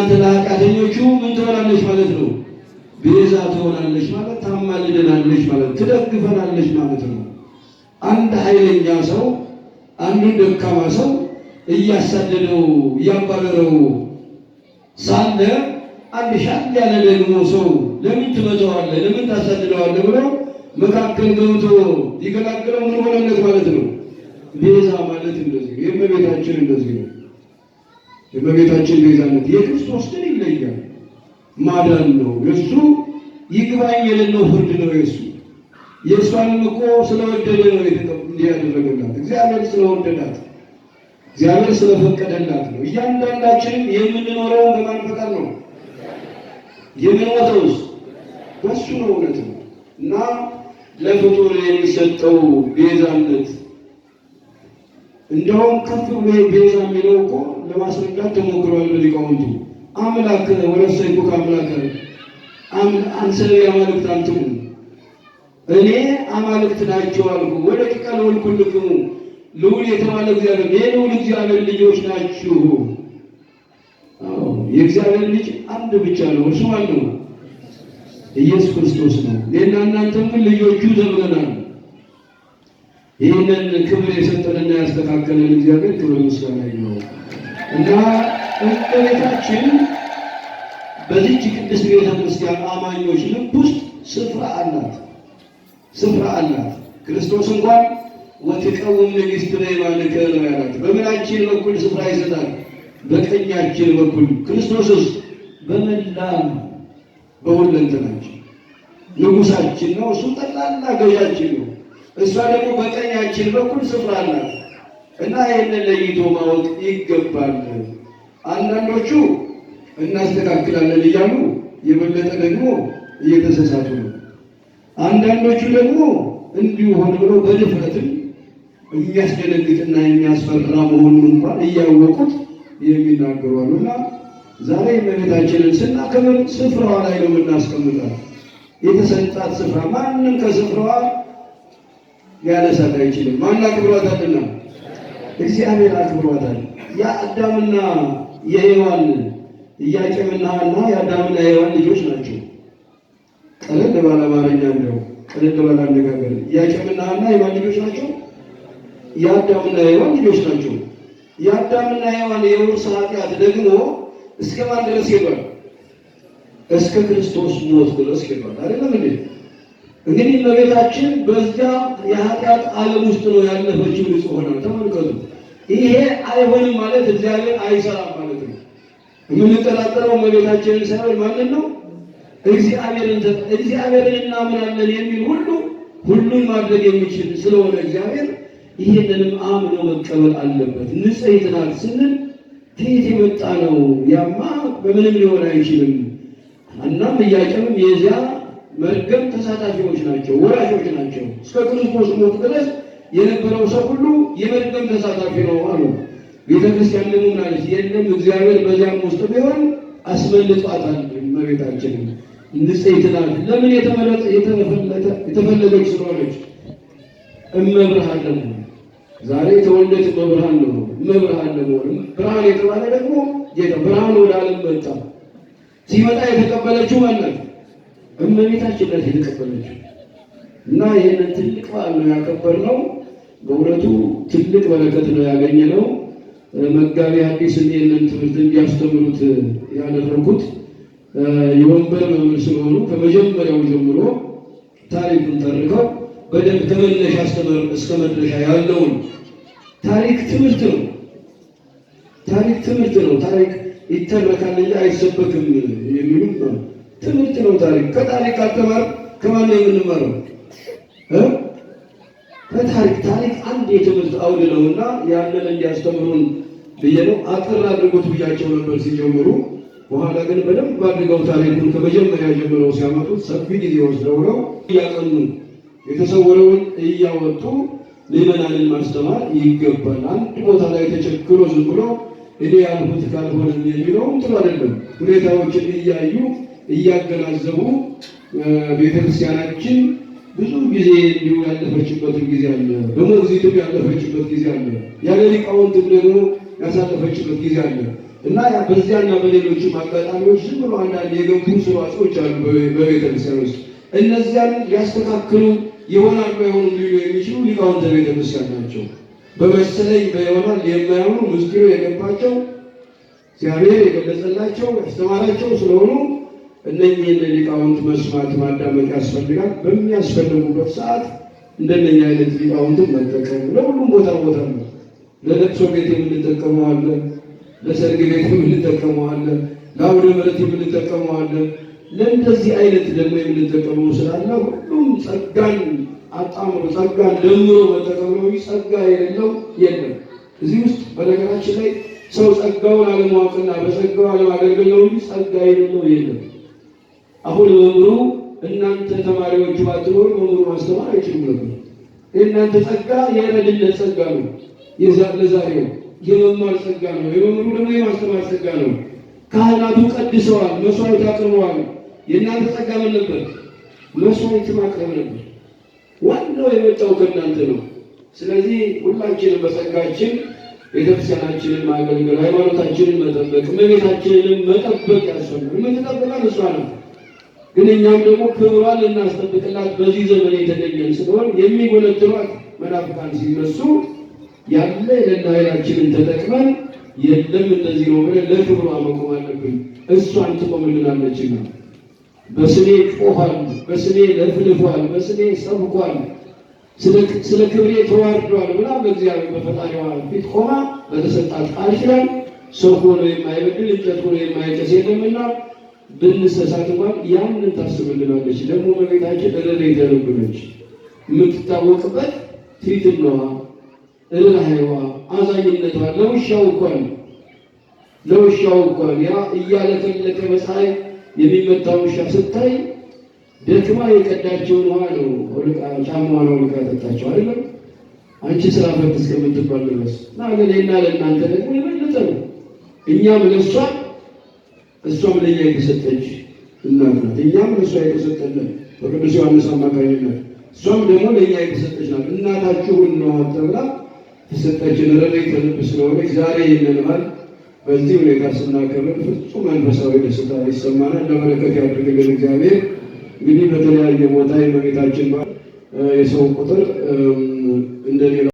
አንተ ለኃጢአተኞቹ ምን ትሆናለች ማለት ነው? ቤዛ ትሆናለች ማለት ታማልደናለች ማለት ትደግፈናለች ማለት ነው። አንድ ኃይለኛ ሰው አንዱን ደካማ ሰው እያሳደደው እያባረረው ሳለ አንድ ሻል ያለ ደግሞ ሰው ለምን ትመታዋለህ፣ ለምን ታሳድደዋለህ ብለው መካከል ገብቶ ሊገላግለው ምን ሆነለት ማለት ነው? ቤዛ ማለት እንደዚህ ነው። የእመቤታችን እንደዚህ ነው። የእመቤታችን ቤዛነት የክርስቶስ ግን ይለያል። ማዳን ነው የእሱ ይግባኝ የሌለው ፍርድ ነው የእሱ የእሷን እኮ ስለወደደ ነው እንዲያደረገላት እግዚአብሔር ስለወደዳት እግዚአብሔር ስለፈቀደላት ነው። እያንዳንዳችንም የምንኖረውን በማን ፈቃድ ነው የምንሞተውስ በሱ ነው። እውነት ነው እና ለፍጡር የሚሰጠው ቤዛነት እንደውም ከፍ ብሎ ቤዛ የሚለው እኮ ለማስረዳት ተሞክሯል ሊቃውንቱ። አምላክ ወለሰይኩ ከአምላክ አንሰብ የአማልክት አንትሙ እኔ አማልክት ናቸው አልኩ ወደ ቅቀል ወልኩ ወልኩልክሙ ልውል የተባለ እግዚአብሔር የልዑል እግዚአብሔር ልጆች ናችሁ። የእግዚአብሔር ልጅ አንድ ብቻ ነው። እርሱ ማን ኢየሱስ ክርስቶስ ነው። እኔና እናንተም ልጆቹ ተብለናል። ይህንን ክብር የሰጠንና ያስተካከለን እግዚአብሔር ክብር ምስጋና ነው እና እመቤታችን በዚች ቅድስት ቤተ ክርስቲያን አማኞች ልብ ውስጥ ስፍራ አላት፣ ስፍራ አላት። ክርስቶስ እንኳን ወትቀውም ንግሥት ላይ ባልከ ነው ያላት። በምናችን በኩል ስፍራ ይሰጣል፣ በቀኛችን በኩል ክርስቶስስ በመላም በሁለንተናችን ንጉሳችን ነው። እሱ ጠቅላላ ገዣችን ነው። እሷ ደግሞ በቀኛችን በኩል ስፍራ አላት እና ይህንን ለይቶ ማወቅ ይገባል። አንዳንዶቹ እናስተካክላለን እያሉ የበለጠ ደግሞ እየተሳሳቱ ነው። አንዳንዶቹ ደግሞ እንዲሁ ሆን ብሎ በድፍረትም የሚያስደነግጥና የሚያስፈራ መሆኑን እንኳን እያወቁት የሚናገሩ እና ዛሬ እመቤታችንን ስናከብር ስፍራዋ ላይ ነው የምናስቀምጣት። የተሰጣት ስፍራ ማንም ከስፍራዋ ሊያነሳት አይችልም። ማን አክብሯታልና? እግዚአብሔር አክብሯታል። የአዳምና የሔዋን ኢያቄምና ሐና የአዳምና የሔዋን ልጆች ናቸው። ቀለል ባለ አማርኛ እንደው ቀለል ባለ አነጋገር ኢያቄምና ሐና የማን ልጆች ናቸው? የአዳምና የሔዋን ልጆች ናቸው። የአዳምና የሔዋን የውርስ ኃጢአት ደግሞ እስከ ማን ድረስ ሄዷል? እስከ ክርስቶስ ሞት ድረስ ሄዷል። አይደለም እንዴ? እንግዲህ እመቤታችን በዚያ የኃጢአት ዓለም ውስጥ ነው ያለፈችው። ንጹሕ ነው። ተመልከቱ። ይሄ አይሆንም ማለት እግዚአብሔር አይሰራም ማለት ነው። የምንጠራጠረው እመቤታችንን ሰራች ማለት ነው እግዚአብሔርን እግዚአብሔርን እናምናለን የሚል ሁሉ ሁሉን ማድረግ የሚችል ስለሆነ እግዚአብሔር ይሄንንም አምኖ መቀበል አለበት። ንጽሕት ናት ስንል ከየት የመጣ ነው? ያማ በምንም ሊሆን አይችልም። እናም እያቀምም የዚያ መርገም ተሳታፊዎች ናቸው፣ ወራሾች ናቸው። እስከ ክርስቶስ ሞት ድረስ የነበረው ሰው ሁሉ የመርገም ተሳታፊ ነው አሉ። ቤተክርስቲያን ደግሞ ምናለች? የለም እግዚአብሔር በዚያም ውስጥ ቢሆን አስመልጧታል። መቤታችን ንጽሕት ለምን የተፈለገች ስለሆነች እመብርሃን ለመሆን ዛሬ የተወለደች መብርሃን ለመሆን እመብርሃን ለመሆን ብርሃን የተባለ ደግሞ ብርሃን ወደ ዓለም መጣ። ሲመጣ የተቀበለችው ማለት እመቤታችን ናት የተቀበለችው እና ይህንን ትልቅ በዓል ነው ያከበርነው። በእውነቱ ትልቅ በረከት ነው ያገኘነው። መጋቢ አዲስ ይህንን ትምህርት እንዲያስተምሩት ያደረኩት የወንበር መምህር ስለሆኑ ከመጀመሪያው ጀምሮ ታሪኩን ተርከው በደንብ ከመነሻ እስከ መድረሻ ያለውን ታሪክ ትምህርት ነው። ታሪክ ትምህርት ነው። ታሪክ ይተረካል እንጂ አይሰበክም የሚሉም ትምህርት ነው ታሪክ። ከታሪክ ካልተማር ከማን ነው የምንማረው? ከታሪክ ታሪክ አንድ የትምህርት አውድ ነው እና ያንን እንዲያስተምሩን ብዬ ነው አጥር አድርጎት ብያቸው ነበር ሲጀምሩ። በኋላ ግን በደንብ አድርገው ታሪኩን ከመጀመሪያ ጀምረው ሲያመጡት ሰፊ ጊዜ ወስደው ነው እያቀኑ የተሰወረውን እያወጡ ምዕመናንን ማስተማር ይገባል። አንድ ቦታ ላይ ተቸግሮ ዝም ብሎ እኔ ያልሁት ካልሆነ የሚለውም ጥሩ አይደለም። ሁኔታዎችን እያዩ እያገናዘቡ ቤተክርስቲያናችን ብዙ ጊዜ እንዲሁ ያለፈችበትን ጊዜ አለ። በሞግዚትም ያለፈችበት ጊዜ አለ። ያለ ሊቃውንትም ደግሞ ያሳለፈችበት ጊዜ አለ እና በዚያና በሌሎችም አጋጣሚዎች ዝም ብሎ አንዳንድ የገቡ ስርዋጽዎች አሉ በቤተክርስቲያን ውስጥ እነዚያን ሊያስተካክሉ ይሆናል ባይሆኑ ሊሉ የሚችሉ ሊቃውንተ ቤተክርስቲያን ናቸው። በመሰለኝ በይሆናል የማያምኑ ምስጢሩ የገባቸው እግዚአብሔር የገለጸላቸው ያስተማራቸው ስለሆኑ እነኚህን ሊቃውንት መስማት ማዳመጥ ያስፈልጋል። በሚያስፈልጉበት ሰዓት እንደነኛ አይነት ሊቃውንትን መጠቀም ለሁሉም ቦታ ቦታ ነው። ለለቅሶ ቤት የምንጠቀመው ለሰርግ ቤት የምንጠቀመው ለአውደ ምሕረት የምንጠቀመው ለእንደዚህ አይነት ደግሞ የምንጠቀመው ስላለ ሁሉም ጸጋን አጣምሮ ጸጋን ደምሮ መጠቀም ነው። ጸጋ የሌለው የለም። እዚህ ውስጥ በነገራችን ላይ ሰው ጸጋውን አለማወቅና በጸጋው አለማገልገል ነው። ጸጋ የሌለው የለም። አሁን መምሩ እናንተ ተማሪዎቹ ባትኖሩ መምህሩ ማስተማር አይችሉም ነበር። የእናንተ ጸጋ የረድነት ጸጋ ነው። ለዛሬው የመማር ጸጋ ነው። የመምህሩ ደግሞ የማስተማር ጸጋ ነው። ካህናቱ ቀድሰዋል፣ መስዋዕት አቅርበዋል። የእናንተ ጸጋ ምን ነበር? መስዋዕት ማቅረብ ነበር። ዋናው የመጣው ከእናንተ ነው። ስለዚህ ሁላችንም በጸጋችን ቤተክርስቲያናችንን ማገልገል፣ ሃይማኖታችንን መጠበቅ፣ እመቤታችንንም መጠበቅ ያስፈልጋል። የምትጠብቀን እሷ ነው። ግን እኛም ደግሞ ክብሯን ልናስጠብቅላት በዚህ ዘመን የተገኘን ስለሆን የሚጎለትሯት መናፍቃን ሲነሱ ያለ የለና ኃይላችንን ተጠቅመን የለም እንደዚህ ነው ብለን ለክብሯ መቆም አለብን። እሷን ትቆምልናለች ነው በስሜ ጮኋል፣ በስሜ ለፍልፏል፣ በስሜ ሰብኳል፣ ስለ ክብሬ ተዋርዷል ብላ በእግዚአብሔር በፈጣሪዋ ፊት ቆማ በተሰጣት ቃል ኪዳን ሰው ሆኖ የማይበድል እንጨት ሆኖ የማይጨስ የለምና ብንሰሳት እንኳን ያንን ታስብልናለች። ደግሞ መቤታችን እልል ልብ ነች። የምትታወቅበት ትህትናዋ፣ ርኅራኄዋ፣ አዛኝነቷ ለውሻው እንኳን ለውሻው እንኳን ያ እያለፈለቀ በፀሐይ የሚመታ ውሻ ስታይ ደክማ የቀዳቸውን ውሃ ነው ጫማ ነው አውልቃ ያጠጣቸው አይደለም። አንቺ ስራ ፈት እስከምትባል ድረስ እና ለእኔና ለእናንተ ደግሞ የበለጠ ነው እኛም ለሷ እሷም ለኛ የተሰጠች እናት ናት። እኛም ለእሷ የተሰጠለን በቅዱስ ዮሐንስ አማካኝነት እሷም ደግሞ ለእኛ የተሰጠች ናት። እናታችሁ እናዋት ተብላ የሰጠችን ረድኤተ ልብ ስለሆነች ዛሬ ይህንን በዚህ ሁኔታ ስናከብር ፍጹም መንፈሳዊ ደስታ ይሰማናል። ለበረከት ያድርግልን እግዚአብሔር። እንግዲህ በተለያየ ቦታ የመቤታችን የሰው ቁጥር እንደሌላ